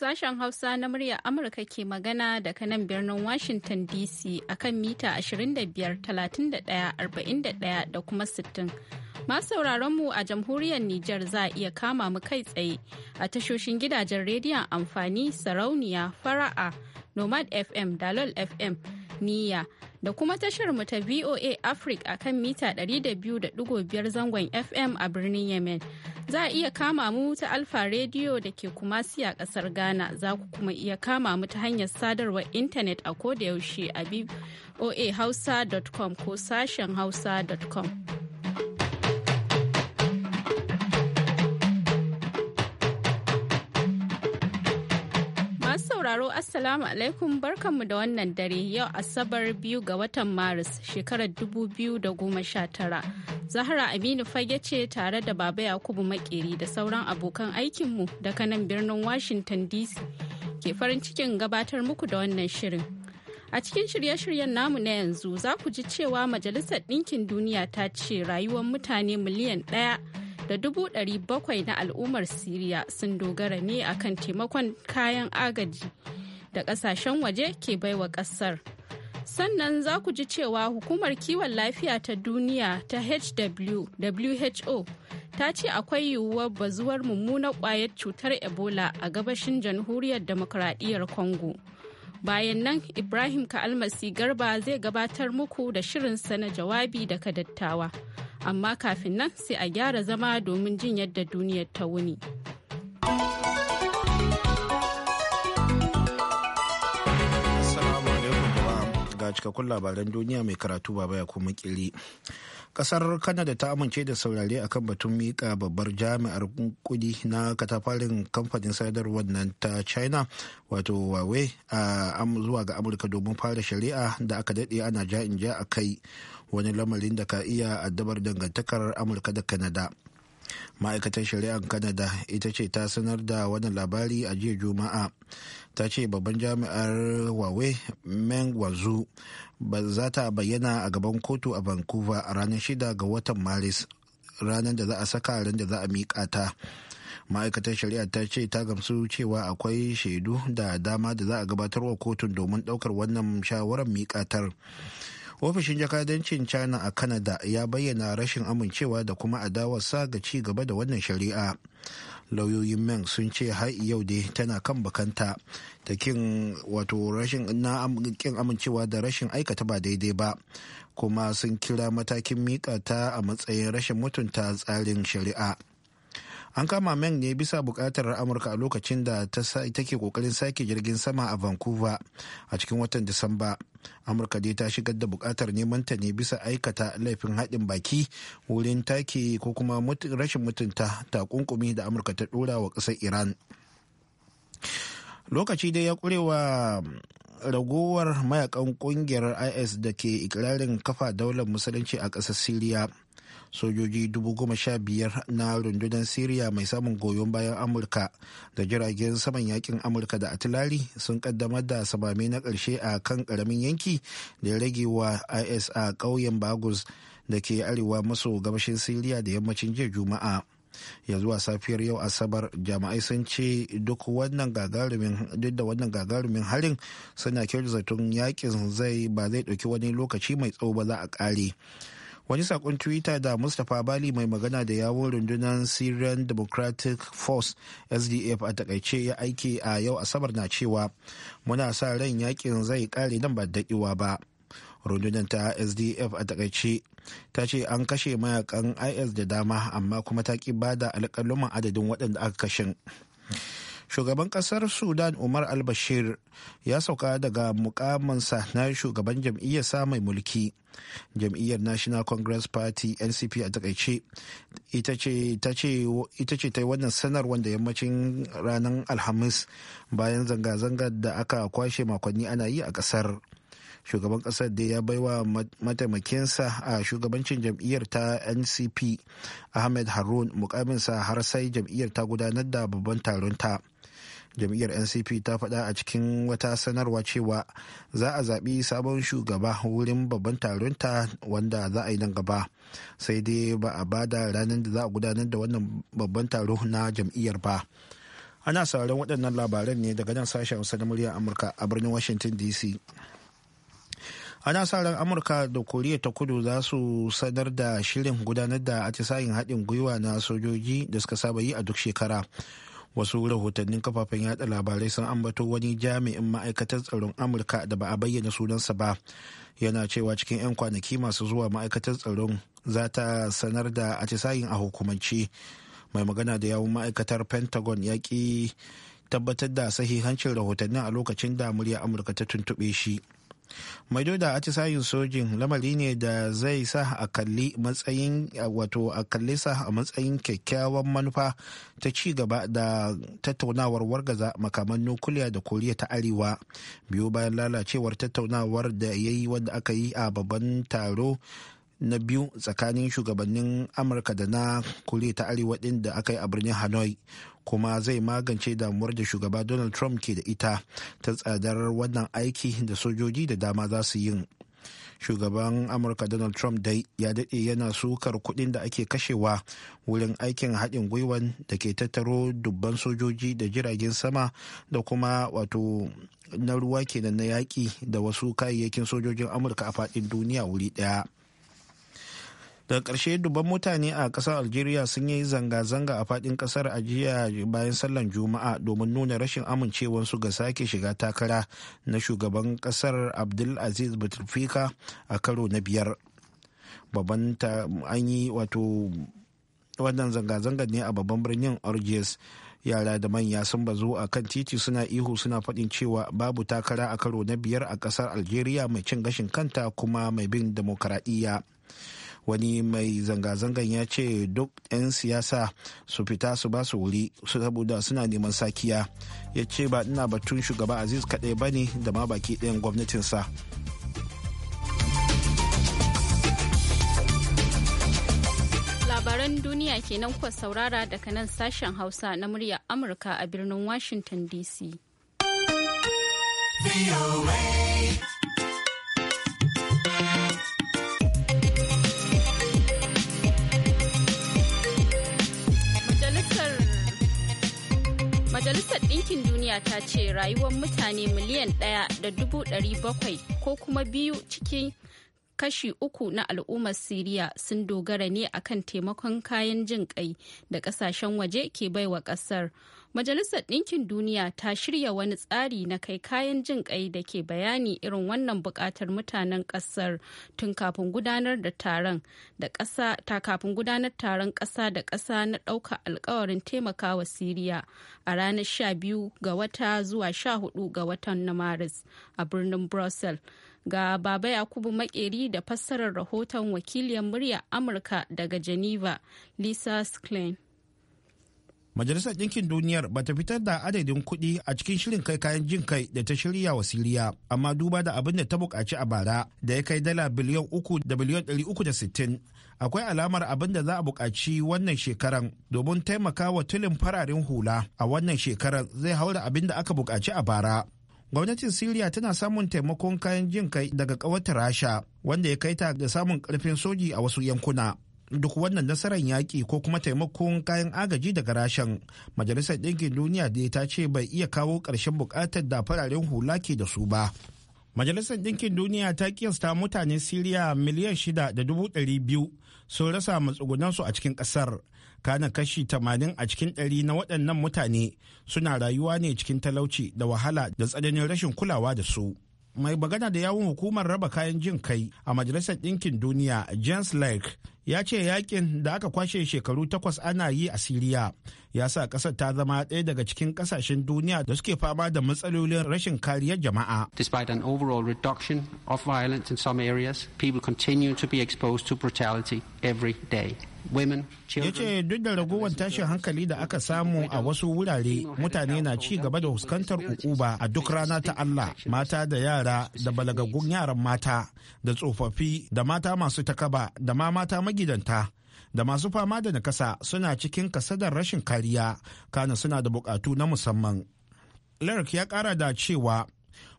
Sashen Hausa na murya Amurka ke magana daga nan birnin Washington DC akan mita 25, 31, 41 da kuma 60. Masu sauraronmu a jamhuriyar Nijar za a iya kama mu kai tsaye a tashoshin gidajen rediyon amfani sarauniya fara'a nomad FM dalol FM niya. da kuma tashar mu ta VOA Africa a kan mita 200.5 zangon FM a birnin Yemen. Za a iya kama mu ta Alfa Radio da ke kumasi a kasar Ghana, za ku kuma iya kama mu ta hanyar sadarwar intanet a ko da yaushe a voahausa.com ko sashen hausa.com. sauraro Assalamu alaikum barkanmu da wannan dare yau Asabar biyu ga watan Maris shekarar 2019. Zahra Aminu fage ce tare da Baba Yakubu Makeri da sauran abokan aikinmu daga nan birnin Washington DC ke farin cikin gabatar muku da wannan shirin. A cikin shirye-shiryen namu na yanzu za ku ji cewa Majalisar Ɗinkin Duniya ta ce rayuwar mutane miliyan ɗaya. da dubu ɗari bakwai na al'ummar siriya sun dogara ne akan taimakon kayan agaji da ƙasashen waje ke baiwa ƙasar sannan za ku ji cewa hukumar kiwon lafiya ta duniya ta who ta ce akwai yiwuwar bazuwar mummunar ƙwayar cutar ebola a gabashin jamhuriyar demokradiyyar congo bayan nan ibrahim ka'almasi garba zai gabatar muku da shirinsa na jawabi daga dattawa amma kafin nan sai a gyara zama domin jin yadda duniyar ta wuni. Assalamu ga cikakkun labaran duniya mai karatu baba ya kuma kiri. kasar kanada ta amince da saurare akan batun mika babbar jami'ar kudi na katafarin kamfanin sadarwar nan ta china wato huawei zuwa ga amurka domin fara shari'a da aka dade ana ja in ja a kai wani lamarin da ka iya addabar dangantakar amurka da kanada ma'aikatar shari'ar kanada ita ce ta sanar da wani labari a jiya juma'a ta ce babban jami'ar wawe meng wanzu ba za ta bayyana a gaban kotu a vancouver a ranar shida ga watan maris ranar da za a saka ran da za a miƙa ta ma'aikatar shari'a ta ce ta gamsu cewa akwai shaidu da dama da za a gabatarwa kotun domin ɗaukar wannan shawarar miƙatar. ofishin jakadancin china a canada ya bayyana rashin amincewa da kuma adawarsa ga ci gaba da wannan shari'a lauyoyin meng sun ce har yau dai tana kan bakanta ta kin wato rashin na kin amincewa da rashin aikata ba daidai ba kuma sun kira matakin mika ta a matsayin rashin mutunta tsarin shari'a an kama meng ne bisa bukatar amurka a lokacin da ta take kokarin sake jirgin sama a vancouver a cikin watan disamba amurka dai ta shigar da bukatar neman ta ne bisa aikata laifin haɗin baki wurin take ko kuma rashin mutunta takunkumi da amurka ta ɗora wa ƙasar iran lokaci dai ya kurewa ragowar mayakan kungiyar is da ke ikirarin kafa daular musulunci a ƙasar syria. sojoji sha biyar na rundunar siriya mai samun goyon bayan amurka da jiragen saman yakin amurka da atilari sun kaddamar da samami na karshe a kan karamin yanki da ya rage wa is a ƙauyen bagus da ke arewa maso gabashin siriya da yammacin jiya juma'a yanzu a safiyar yau asabar jama'ai sun ce duk da wannan gagarumin harin suna kirzatun yakin zai ba zai ɗauki wani lokaci mai tsawo ba za a kare. wani sakon twitter da mustapha bali mai magana da yawon rundunar syrian democratic force sdf a takaice ya aiki a yau asabar na cewa muna sa ran yakin zai kare nan ba daɗewa ba rundunar ta sdf a takaice ta ce an kashe mayakan is da dama amma kuma ta ki bada alkaluman adadin waɗanda aka kashin shugaban kasar sudan umar al-bashir ya sauka daga mukamansa na shugaban jam'iyyar sa mai mulki jam'iyyar national congress party ncp a takaice ita ce ta yi wannan sanar wanda yammacin ranar alhamis bayan zanga-zangar da aka kwashe makonni ana yi a kasar shugaban kasar da ya baiwa mataimakinsa a shugabancin jam'iyyar ta ncp ahmed harun mukaminsa har sai jam'iyyar ta gudanar da babban taron ta jam'iyyar ncp ta faɗa a cikin wata sanarwa cewa za a zaɓi sabon shugaba wurin babban taron ta wanda za a yi nan gaba sai dai ba a ba da ranar da za a gudanar da wannan babban taro na jam'iyyar ba ana sauran waɗannan labaran ne daga nan sashen hausa na murya amurka a birnin washington dc ana sa ran amurka da koriya ta kudu za su sanar da shirin gudanar da atisayin haɗin gwiwa na sojoji da suka saba yi a duk shekara wasu rahotannin kafafen yada labarai sun ambato wani jami'in ma'aikatar tsaron amurka da ba a bayyana sunansa ba yana cewa cikin 'yan kwanaki masu zuwa ma'aikatar tsaron za ta sanar da atisayin a hukumance mai magana da yawun ma'aikatar pentagon ya ki tabbatar da sahihancin rahotannin a lokacin da murya amurka ta tuntube shi maido da sayin sojin lamari ne da zai sa a kalli matsayin wato a kalli sa a matsayin kyakkyawan manufa ta ci gaba da tattaunawar wargaza makaman nukuliya da koriya ta arewa biyu bayan lalacewar tattaunawar da ya yi wanda aka yi a babban taro na biyu tsakanin shugabannin amurka da na kuri ta arewa din da aka yi a birnin hanoi kuma zai magance damuwar da shugaba donald trump ke da ita ta tsadar wannan aiki da sojoji da dama za su yin shugaban amurka donald trump dai ya daɗe yana sukar kuɗin da ake kashewa wurin aikin haɗin gwiwan da ke tattaro dubban sojoji da jiragen sama da kuma wato na ruwa kenan na yaƙi da wasu kayayyakin sojojin amurka a faɗin duniya wuri ɗaya daga ƙarshe dubban mutane a ƙasar algeria sun yi zanga-zanga a faɗin ƙasar a jiya bayan sallan juma'a domin nuna rashin amincewarsu ga sake shiga takara na shugaban ƙasar abdulaziz bouteflika a karo na biyar babban an yi wato wannan zanga-zanga ne a babban birnin orges yara da manya sun bazu a kan titi suna ihu suna faɗin cewa babu takara a karo na biyar a ƙasar algeria mai cin gashin kanta kuma mai bin demokaradiyya wani mai zanga-zangan ya ce duk 'yan siyasa su fita su ba su wuri saboda suna neman sakiya ya ce ba ina batun shugaba aziz kaɗai ba ne da ma baki ɗayan gwamnatinsa labaran duniya kenan kuwa saurara daga nan sashen hausa na murya amurka a birnin washington dc dinkin duniya ta ce rayuwar mutane miliyan ɗaya da dubu ɗari bakwai ko kuma biyu cikin kashi uku na al'ummar siriya sun dogara ne akan taimakon kayan jin kai da ƙasashen waje ke baiwa ƙasar. Majalisar Ɗinkin Duniya ta shirya wani tsari na kai kayan jin ƙai da ke bayani irin wannan buƙatar mutanen ƙasar tun kafin gudanar da taron da ƙasa ta kafin gudanar taron ƙasa da ƙasa na ɗauka alkawarin taimakawa Siriya a ranar 12 ga wata zuwa 14 ga watan na Maris a birnin Brussels. Ga Baba Yakubu Makeri da fassarar rahoton wakiliyar murya Amurka daga Geneva, Lisa Sklein. majalisar ɗinkin duniyar ba ta fitar da adadin kuɗi a cikin shirin kai kayan jin kai da ta shirya wa siriya amma duba da abin da ta buƙaci a bara da ya kai dala biliyan uku da biliyan ɗari uku da sittin akwai alamar abin da za a buƙaci wannan shekaran domin taimaka wa tulin fararen hula a wannan shekarar zai haura abin da aka buƙaci a bara gwamnatin siriya tana samun taimakon kayan jin kai daga ƙawata rasha wanda ya kai ta ga samun ƙarfin soji a wasu yankuna duk wannan nasarar yaƙi ko kuma taimakon kayan agaji daga rashen majalisar ɗinkin duniya da ta ce bai iya kawo ƙarshen buƙatar da fararen hula ke da su ba majalisar ɗinkin duniya ta kiyasta mutane siriya miliyan shida da dubu ɗari biyu sun rasa matsugunansu a cikin ƙasar kana kashi tamanin a cikin ɗari na waɗannan mutane suna rayuwa ne cikin talauci da wahala da tsananin rashin kulawa da su mai magana da yawun hukumar raba kayan jin kai a majalisar ɗinkin duniya james lake ya ce yakin da aka kwashe shekaru takwas ana yi a siriya ya sa ƙasar ta zama ɗaya daga cikin ƙasashen duniya da suke fama da matsalolin rashin kariyar jama'a despite an overall reduction of violence in some areas people continue to be exposed to brutality every day Ya ce duk da ragowar tashin hankali da aka samu a wasu wurare mutane na ci gaba da fuskantar ukuba a duk rana ta Allah mata da yara da balagaggun yaran mata da tsofaffi da mata masu takaba da ma mata magidanta da masu fama da nakasa suna cikin kasadar rashin kariya kana suna da bukatu na musamman lark ya kara da cewa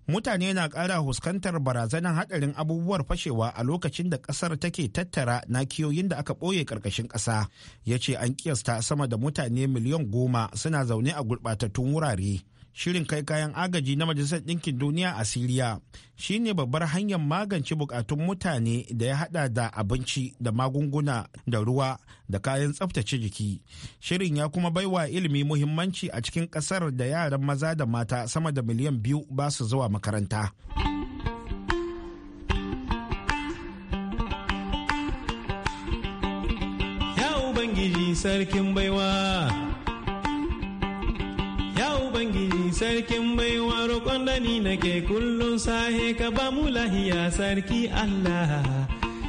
mutane na ƙara huskantar barazanar haɗarin abubuwar fashewa a lokacin da ƙasar take tattara nakiyoyin da aka ɓoye ƙarƙashin ƙasa ya ce an kiyasta sama da mutane miliyan goma suna zaune a gurɓatattun wurare shirin kai kayan agaji na majalisar ɗinkin duniya a siriya shine babbar hanyar magance bukatun mutane da ya hada da abinci da magunguna da ruwa da kayan tsaftace jiki shirin ya kuma baiwa ilimi muhimmanci a cikin ƙasar da yaran maza da mata sama da miliyan biyu ba su zuwa makaranta ya ubangiji sarkin baiwa sarkin baiwa roƙon da ni nake kullum sahe ka ba mu lahiya sarki Allah.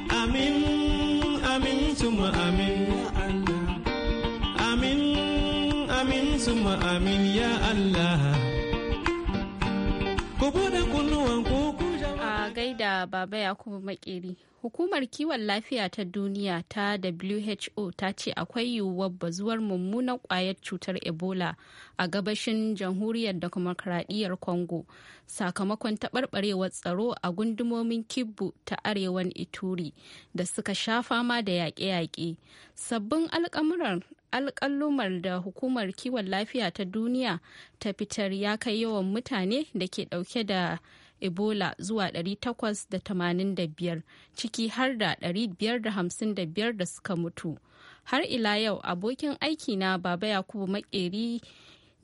Amin, amin, suma amin, ya Allah. Amin, amin, suma amin, ya Allah. Ku buɗe ku. gaida Baba Yakubu Makeri. Hukumar kiwon lafiya ta duniya ta WHO ta ce akwai yiwuwar bazuwar mummunan kwayar cutar Ebola a gabashin jamhuriyar demokradiyyar Congo sakamakon taɓarɓarewar tsaro a gundumomin Kibbu ta arewan Ituri da suka sha fama da yaƙe-yaƙe. Sabbin alƙamuran alƙalumar da hukumar kiwon lafiya ta duniya ta fitar ya kai yawan mutane da ke ɗauke da Ebola zuwa 885 ciki har da 555 da suka mutu. Har ila yau abokin aiki na Baba Yakubu Makeri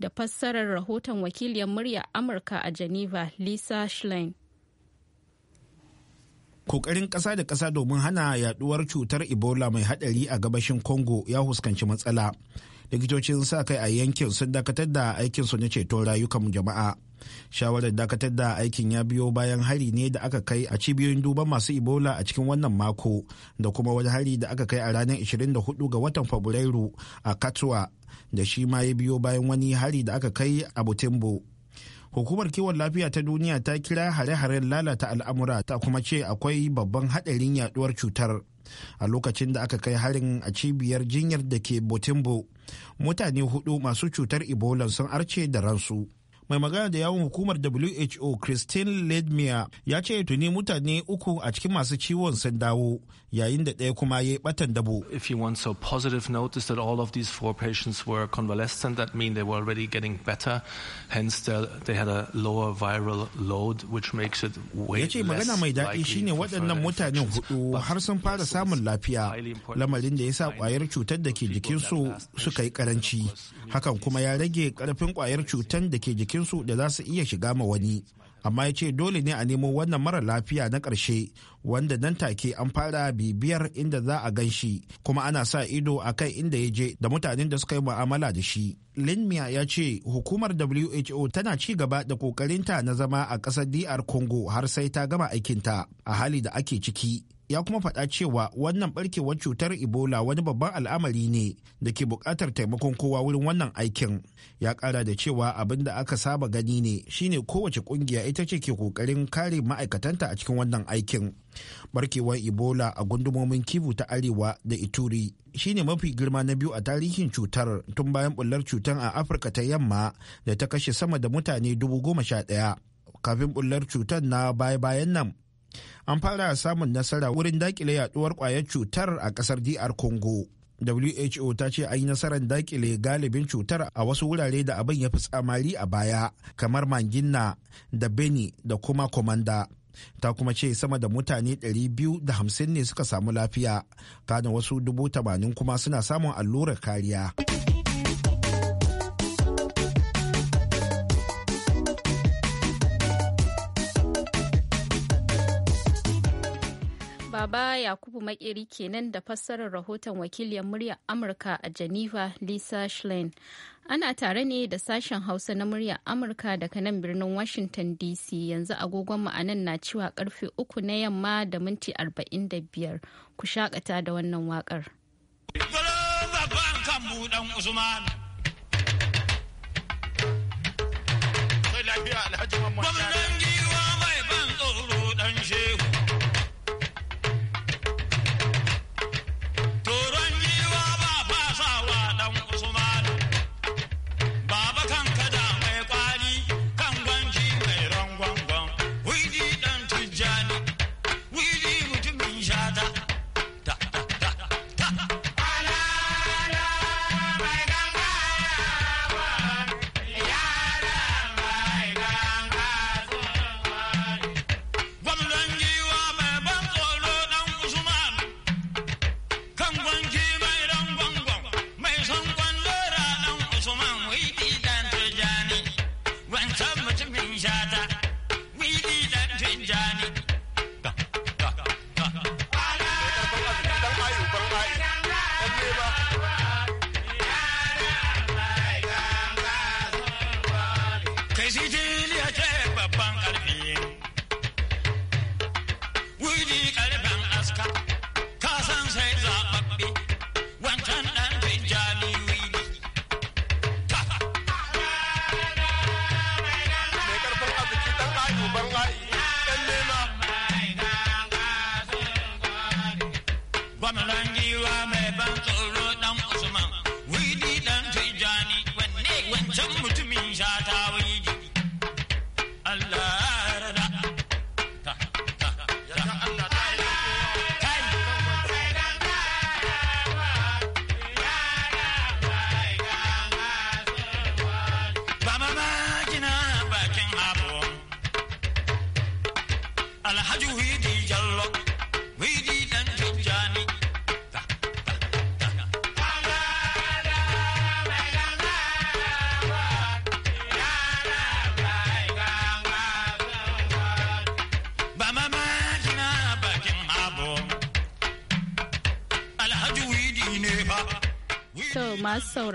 da fassarar rahoton wakiliyar murya Amurka a Geneva, Lisa Schlein. kokarin ƙasa da ƙasa domin hana yaduwar cutar ebola mai haɗari a gabashin congo ya huskanci matsala likitocin sa kai a yankin sun dakatar da aikinsu na ceton rayukan jama'a shawarar dakatar da aikin ya biyo bayan hari ne da aka kai a cibiyoyin duban masu ebola a cikin wannan mako da kuma wani hari da aka kai a ranar 24 ga watan fabrairu a katwa da shi ma ya biyo bayan wani hari da aka kai a butembo hukumar kiwon lafiya ta duniya ta kira hare-haren lalata al'amura ta kuma ce akwai babban haɗarin yaduwar cutar a lokacin da aka kai harin a cibiyar jinyar da ke botimbo mutane hudu masu cutar ebola sun arce da ransu mai magana da yawon hukumar who christine ledmia ya ce tuni mutane uku a cikin masu ciwon sun dawo yayin da ɗaya kuma ya yi batan dabo if you want so positive notice that all of these four patients were convalescent that mean they were already getting better hence they had a lower viral load which makes it way ya ce magana mai daɗi shine waɗannan mutanen hudu har sun fara samun lafiya lamarin da ya sa ƙwayar cutar da ke jikinsu suka yi karanci hakan kuma ya rage ƙarfin ƙwayar cutar da ke jikinsu jikinsu da za su iya shiga ma wani amma ya ce dole ne a nemo wannan mara lafiya na ƙarshe wanda nan take an fara bibiyar inda za a gan shi kuma ana sa ido a kai inda ya je da mutanen da suka yi mu'amala da shi linmia ya ce hukumar who tana ci gaba da kokarinta na zama a ƙasar dr congo har sai ta gama aikinta a hali da ake ciki ya kuma faɗa cewa wannan barkewar cutar ebola wani babban al'amari ne da ke buƙatar taimakon kowa wurin wannan aikin ya ƙara da cewa abin da aka saba gani ne shine kowace ƙungiya ita ce ke ƙoƙarin kare ma'aikatanta a cikin wannan aikin barkewar ebola a gundumomin kivu ta arewa da ituri shine mafi girma na biyu a tarihin cutar tun bayan bullar cutar a afirka ta yamma da ta kashe sama da mutane dubu goma sha ɗaya kafin bullar cutar na baya-bayan nan an fara samun nasara wurin dakile yaduwar kwayar cutar a kasar DR Congo. WHO ta ce an yi nasarar dakile galibin cutar a wasu wurare da abin ya fi tsamari a baya kamar Manginna da Beni da kuma Komanda. Ta kuma ce sama da mutane 250 ne suka samu lafiya, kana wasu dubu tamanin kuma suna samun allurar kariya. Baba Yakubu Makeri kenan da fassarar rahoton wakiliyar muryar Amurka a Geneva Lisa Schlein. Ana tare ne da sashen Hausa na muryar Amurka daga nan birnin Washington DC yanzu agogon ma'anan na cewa karfe uku na yamma da minti 45 ku shakata da wannan wakar. Gwamnan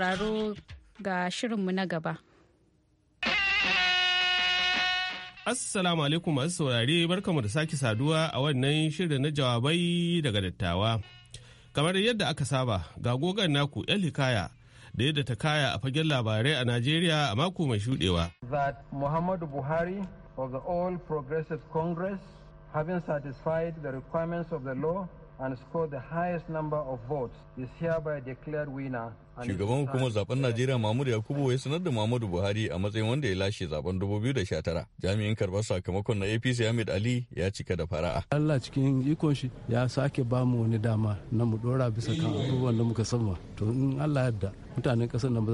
sauraro ga shirinmu na gaba. Assalamu alaikum masu saurare barkamu da sake saduwa a wannan shirin na jawabai daga dattawa. Kamar yadda aka saba ga gogon naku yan hikaya da yadda ta kaya a fagen labarai a Najeriya a mako mai shudewa. That Muhammadu Buhari of the All Progressive Congress having satisfied the requirements of the law and scored the highest number of votes is hereby declared winner. Shugaban hukumar zaben Najeriya Mahmud Yakubu ya sanar da Muhammadu Buhari a matsayin wanda ya lashe zaben 2019. Jami'in karbar sakamakon na APC Ahmed Ali ya cika da fara'a. Allah cikin ikon shi ya sake ba mu wani dama na mu dora bisa kan abubuwan da muka sama. To in Allah yadda mutanen kasar nan ba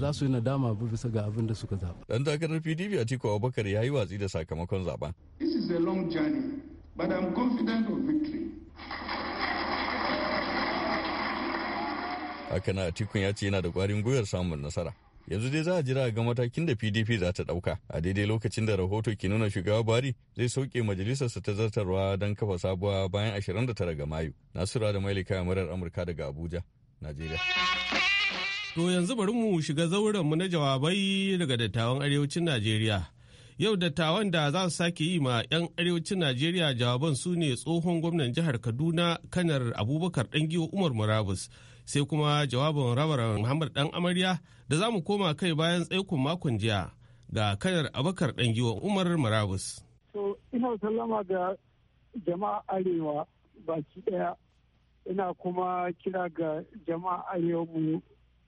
za su yi nadama ba bisa ga abin da suka zaba. Dan takarar PDP Atiku Abubakar ya yi watsi da sakamakon zaben. This is a long journey. but I'm confident of victory. Haka na Atikun ya ce yana da ƙwarin gwiwar samun nasara. Yanzu dai za a jira ga matakin da PDP za ta ɗauka a daidai lokacin da rahoto ke nuna shugaba Buhari zai sauke majalisar majalisarsa ta zartarwa don kafa sabuwa bayan 29 ga Mayu. Nasura da Mailika murar Amurka daga Abuja, Najeriya. To yanzu bari mu shiga zauren mu na jawabai daga dattawan arewacin Najeriya. Yau dattawan da za su sake yi ma 'yan arewacin Najeriya jawaban su ne tsohon gwamnan jihar Kaduna kanar Abubakar Dangiwa Umar Murabus sai kuma jawabin rabaran Muhammad Dan Amarya da za mu koma kai bayan tsaikon makon jiya ga kanar Abubakar Dangiwa Umar Murabus. ina sallama ga jama'a arewa baki daya ina kuma kira ga jama'a arewa mu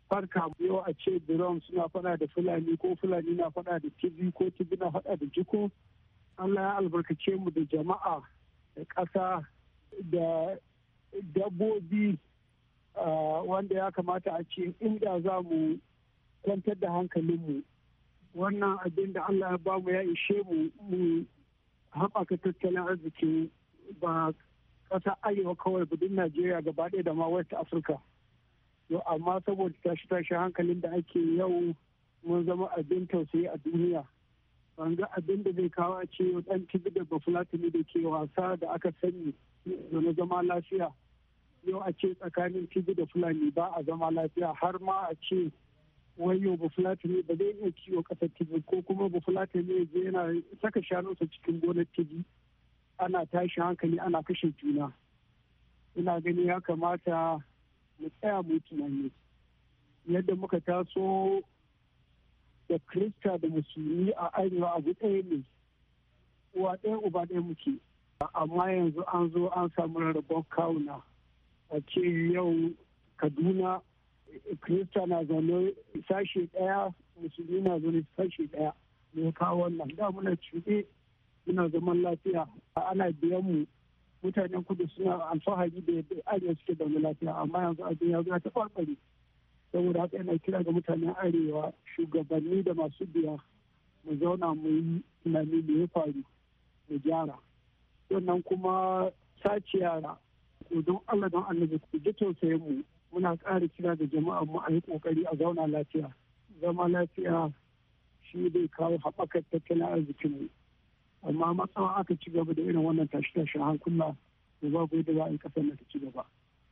farka yau a ce biron suna fada da fulani ko fulani na fada da tibi ko tibi na fada da jiko allah ya albarkace mu da jama'a da ƙasa da dabbobi wanda ya kamata a ce inda za mu kwantar da hankalinmu wannan abin da allah ya bamu ya ishe mu mu haɓaka tattalin arziki ba ƙasa arewa kawai budin najeriya gaba ɗaya da ma west africa. yau amma saboda tashi tashi hankalin da ake yau mun zama abin tausayi a duniya ban ga abin da zai kawo a ce dan tibi da bafulatani da ke wasa da aka sani na zama lafiya yau a ce tsakanin tibi da fulani ba a zama lafiya har ma a ce wai yau bafulatani ba zai iya kiwo kasar tibi ko kuma bafulatani ya yana saka shanunsa cikin gonar tibi ana tashi hankali ana kashe juna ina gani ya kamata mu tsaya mu tunani yadda muka taso da krista da musulmi a arewa abu ɗaya ne uwa ɗaya uba ɗaya muke amma yanzu an zo an samu rarrabon kawuna a ce yau kaduna krista na zaune sashe ɗaya musulmi na zaune sashe ɗaya mai kawo wannan da muna cuɗe muna zaman lafiya ana biyan mu mutanen kudu suna alfahari da yadda arewa suke wani lafiya amma yanzu a ya zuwa ta farfari saboda haka yana kira ga mutanen arewa shugabanni da masu biya mu zauna mu yi tunani da ya faru mu gyara sannan kuma sace yara ko don allah don annabi ku ji tausayin mu muna ƙara kira ga jama'a mu a yi ƙoƙari a zauna lafiya zama lafiya shi bai kawo haɓakar tattalin arzikin mu amma matsawa aka ci gaba da irin wannan tashi tashi hankula da babu yadda za a yi kasar ta ci gaba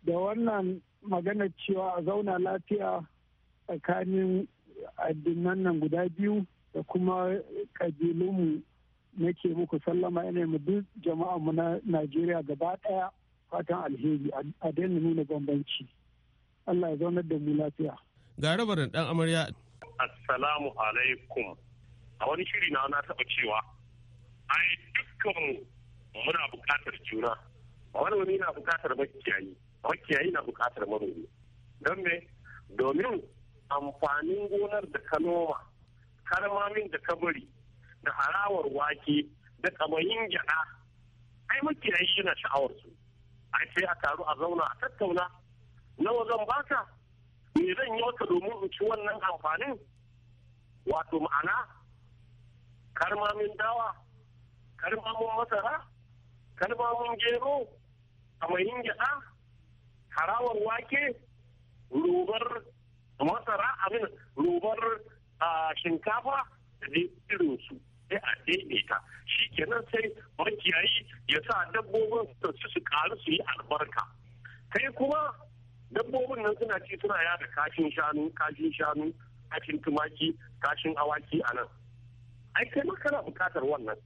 da wannan maganar cewa a zauna lafiya tsakanin addinan nan guda biyu da kuma ƙabilunmu nake muku sallama yana mu duk mu na najeriya gaba ɗaya fatan alheri a daina nuna bambanci allah ya zaunar da mu lafiya ga rabarin dan amarya assalamu alaikum a wani shiri na na taɓa cewa ai dukkan muna buƙatar juna manomi na buƙatar makiyayi makiyayi na buƙatar manomi don me domin amfanin gonar da ka noma kalmamin da ka bari da harawar wake da kamayin gyaɗa ai makiyayi yana sha'awar su ai sai a taru a zauna a tattauna nawa zan baka me zan yi wata domin in ci wannan amfanin wato ma'ana karmamin dawa kalmawun masara kalmawun gero amayin gyaɗa harawar wake rubar masara abin rubar shinkafa da irin su sai a daidaita shi kenan sai makiyayi ya sa dabbobin su su karu su yi albarka kai kuma dabbobin nan suna ci suna yada kashin shanu kashin shanu kashin tumaki kashin awaki a nan ai kai makana bukatar wannan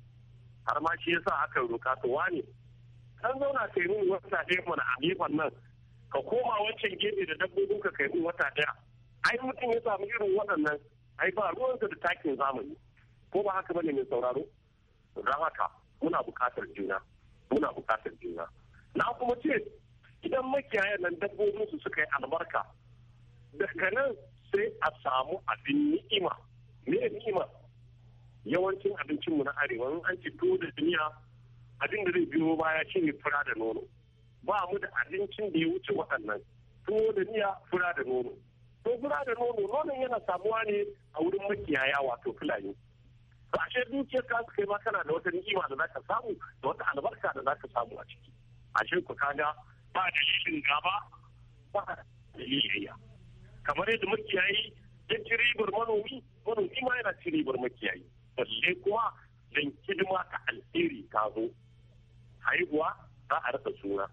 har ma shi yasa aka roka to wani kan zauna kai mun wata ɗaya mana a gefen nan ka koma wancan gefe da dabbobin ka kai mun wata ɗaya ai mutum ya samu irin waɗannan ai ba ruwansa da takin zamani ko ba haka bane mai sauraro don haka muna buƙatar juna muna buƙatar juna na kuma ce idan makiyaya nan dabbobin su suka yi albarka daga nan sai a samu abin ni'ima me ni'ima yawancin abincinmu na arewa in an ci tuwo da duniya abin da zai biyo baya shi ne fura da nono ba mu da abincin da ya wuce waɗannan tuwo da miya fura da nono to fura da nono nonon yana samuwa ne a wurin makiyaya wato fulani to ashe dukiyar ka kai ma kana da wata ni'ima da zaka samu da wata albarka da zaka samu a ciki ashe ku kaga ba dalilin gaba ba dalilin kamar yadda makiyayi ya ci ribar manomi manomi ma yana ci ribar makiyayi balle kuwa don hidima ka alheri ka zo haihuwa za a rasa suna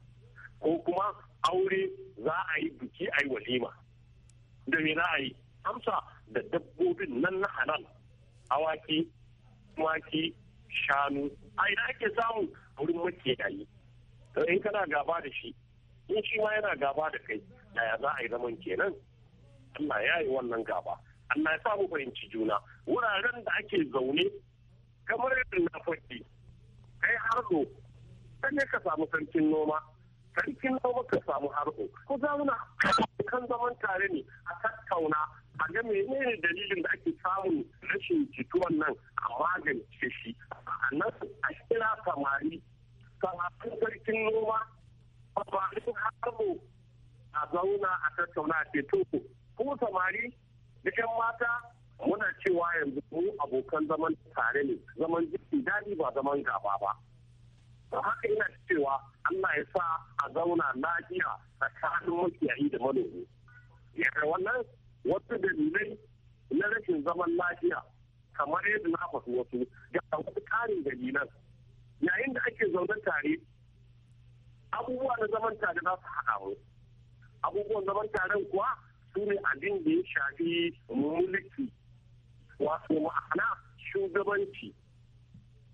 ko kuma aure za a yi biki a yi walima da me za a yi amsa da dabbobin nan na halal awaki maki shanu a ina ake samu wurin makiyayi to in kana gaba da shi in shi ma yana gaba da kai ya za a yi zaman kenan Allah ya yi wannan gaba Allah ya samu fahimci juna wuraren da ake zaune kamar yadda na faɗi kai harzo ne ka samu sarkin noma sarkin noma ka samu harzo ko zauna kan zaman tare ne a tattauna a ga menene dalilin da ake samun rashin jituwan nan a magance shi a nan a kira samari samarin sarkin noma samarin harzo a zauna a tattauna a ce to ko samari dukkan mata muna cewa yanzu mu abokan zaman tare ne zaman jiki daɗi ba zaman gaba ba don haka ina cewa Allah ya sa a zauna lafiya tsakanin makiyayi da manomi yadda wannan wasu dalilai na rashin zaman lafiya kamar yadda na faɗi wasu ga wasu ƙarin dalilan yayin da ake zaune tare abubuwa na zaman tare za su haɗa mu abubuwan zaman taren kuwa su abin da ya shafi mulki wato ma'ana shugabanci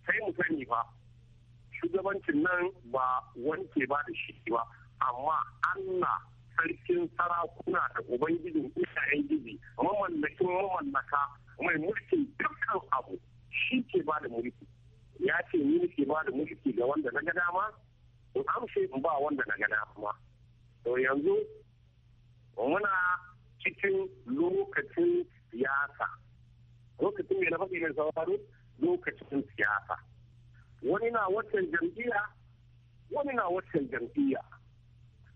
sai mu sani ba shugabancin nan ba wanke ba da shi ba amma Allah sarkin sarakuna da ubangijin iyayen gizi mamallakin mamallaka mai mulkin dukkan abu shi ke ba da mulki ya ce ni ke ba da mulki ga wanda na gada ma? in amshe in ba wanda na gada ma to yanzu muna cikin lokacin siyasa lokacin mai na faɗi mai sauraro lokacin siyasa wani na watan jam'iyya wani na watan jam'iyya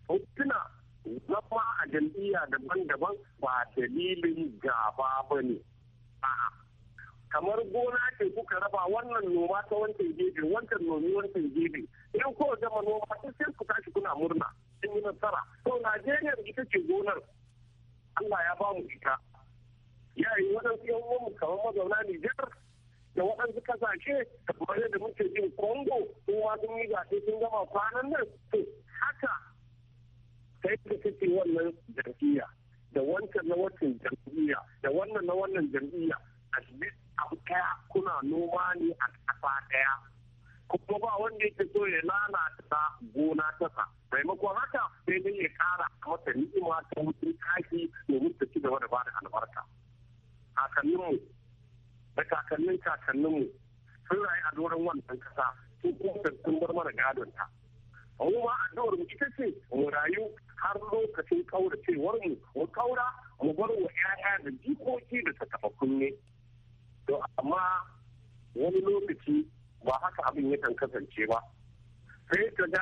hotuna zama a jam'iyya daban-daban ba dalilin gaba ba ne kamar gona ce kuka raba wannan noma ta wancan gebe wancan nomi wancan gebe in kowa zama noma sai sai ku tashi kuna murna sun yi nasara to Najeriya ita ce gonar Allah ya ba mu ita ya yi waɗansu yan uwanmu kamar mazauna Nijar da waɗansu kasashe kamar yadda muke jin Congo kuma sun yi zaɓe sun gama kwanan nan to haka ta da kake wannan jam'iyya da wancan na wancan jam'iyya da wannan na wannan jam'iyya a kuna noma ne a ƙasa ɗaya kuma ba wanda yake so ya lalata gona tasa maimakon haka sai dai ya kara mata ni'ima ta wucin kaki domin ta ci gaba da bada albarka kakanninmu da kakannin kakanninmu sun rayu a doron wannan kasa sun kuma sun bar mana gadon ta mu ma addu'ar mu ita ce mu rayu har lokacin kauracewar mu mu kaura mu bar wa 'ya'ya da jikoki da ta tafa kunne to amma wani lokaci ba haka abin yakan kasance ba sai ka ga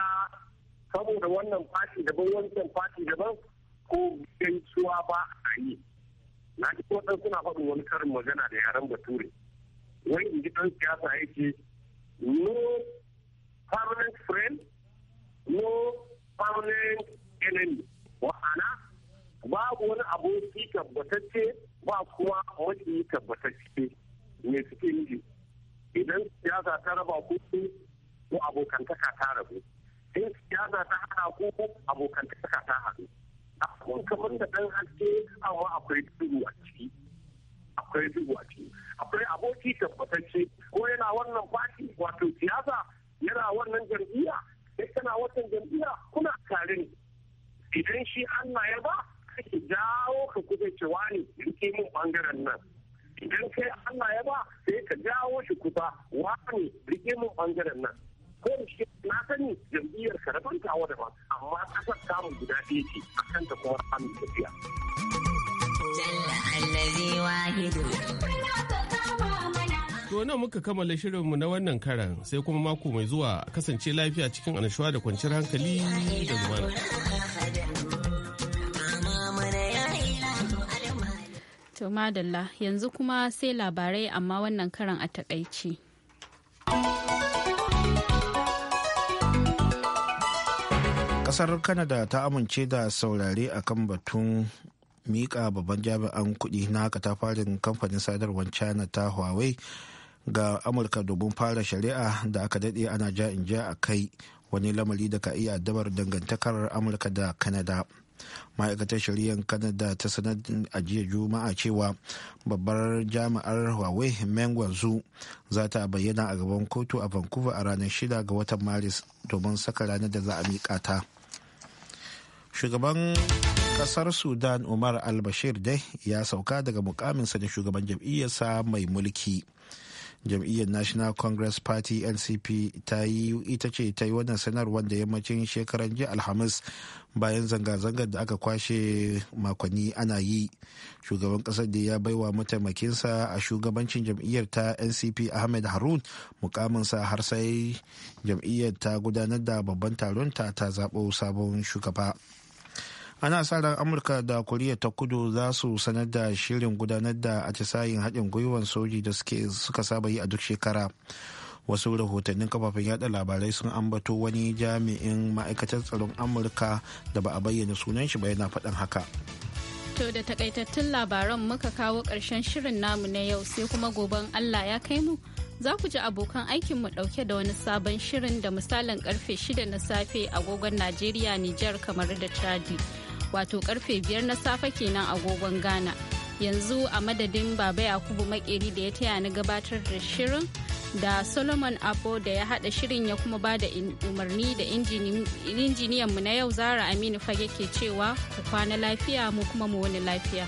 saboda wannan fati daban wancan fati daban ko gaisuwa ba a yi na ji waɗansu suna faɗin wani karin magana da yaren bature wai in ji ɗan siyasa yake no permanent friend no permanent enemy wa'ana babu wani aboki tabbatacce ba kuma wani tabbatacce me suke nufi idan siyasa ta raba ku ko abokantaka ta rabu in siyasa ta hana ku abokantaka ta haɗu kun kamar da dan haske amma akwai duhu a ciki akwai duhu a ciki akwai aboki tabbatacce ko yana wannan fashi wato siyasa yana wannan jam'iyya sai kana wannan jam'iyya kuna tare idan shi Allah ya ba kake jawo ka kusa cewa ne rike mun bangaren nan idan kai Allah ya ba sai ka jawo shi kusa wani rike bangaren nan ko shi na sani jam'iyyar ka rabon ta wada ba amma kasar samun guda ɗaya ce a kanta kuma samun tafiya. To nan muka kammala shirinmu na wannan karan sai kuma mako mai zuwa kasance lafiya cikin annashuwa da kwanciyar hankali da zuwa. To madalla yanzu kuma sai labarai amma wannan karan a takaici. Kasar kanada ta amince da saurare akan batun mika babban jami'an kuɗi na katafarin kamfanin sadarwar china ta huawei ga amurka domin fara shari'a da aka daɗe ana ja in ja a kai wani lamari da ka iya addabar dangantakar amurka da kanada. ma'aikatar shari'ar kanada ta sanar a jiya juma'a cewa babbar jami'ar huawei meng wanzu za ta bayyana a gaban kotu a vancouver a ranar shida ga watan maris domin saka ranar da za a miƙa ta shugaban kasar sudan umar al dai ya sauka daga mukaminsa da shugaban jam'iyyarsa mai mulki jam'iyyar national congress party ncp ta yi ita ce ta yi wannan sanarwar da yammacin shekaran jiya alhamis bayan zanga-zangar da aka kwashe makonni ana yi shugaban kasar da ya baiwa mataimakinsa a shugabancin jam'iyyar ta ncp ahmed harun mukaminsa har sai jam'iyyar ta gudanar da babban taron ta ta zaɓo sabon shugaba. ana sa ran amurka da koriya ta kudu za su sanar da shirin gudanar da atisayin haɗin gwiwar soji da suka saba yi a duk shekara wasu rahotannin kafafen yada labarai sun ambato wani jami'in ma'aikatar tsaron amurka da ba a bayyana sunan shi ba yana faɗin haka To da takaitattun labaran muka kawo karshen shirin namu na yau sai kuma goben Allah ya kai mu za ku ji abokan aikinmu ɗauke da wani sabon shirin da misalin karfe 6 na safe agogon Najeriya, Nijar kamar da Chadi. wato karfe biyar na safe kenan agogon ghana yanzu a madadin baba yakubu makeri da ya taya ni gabatar da shirin da solomon abo da ya hada shirin ya kuma ba da umarni da injiniyan mu na yau zara aminu fage ke cewa ku kwana lafiya mu kuma mu wani lafiya.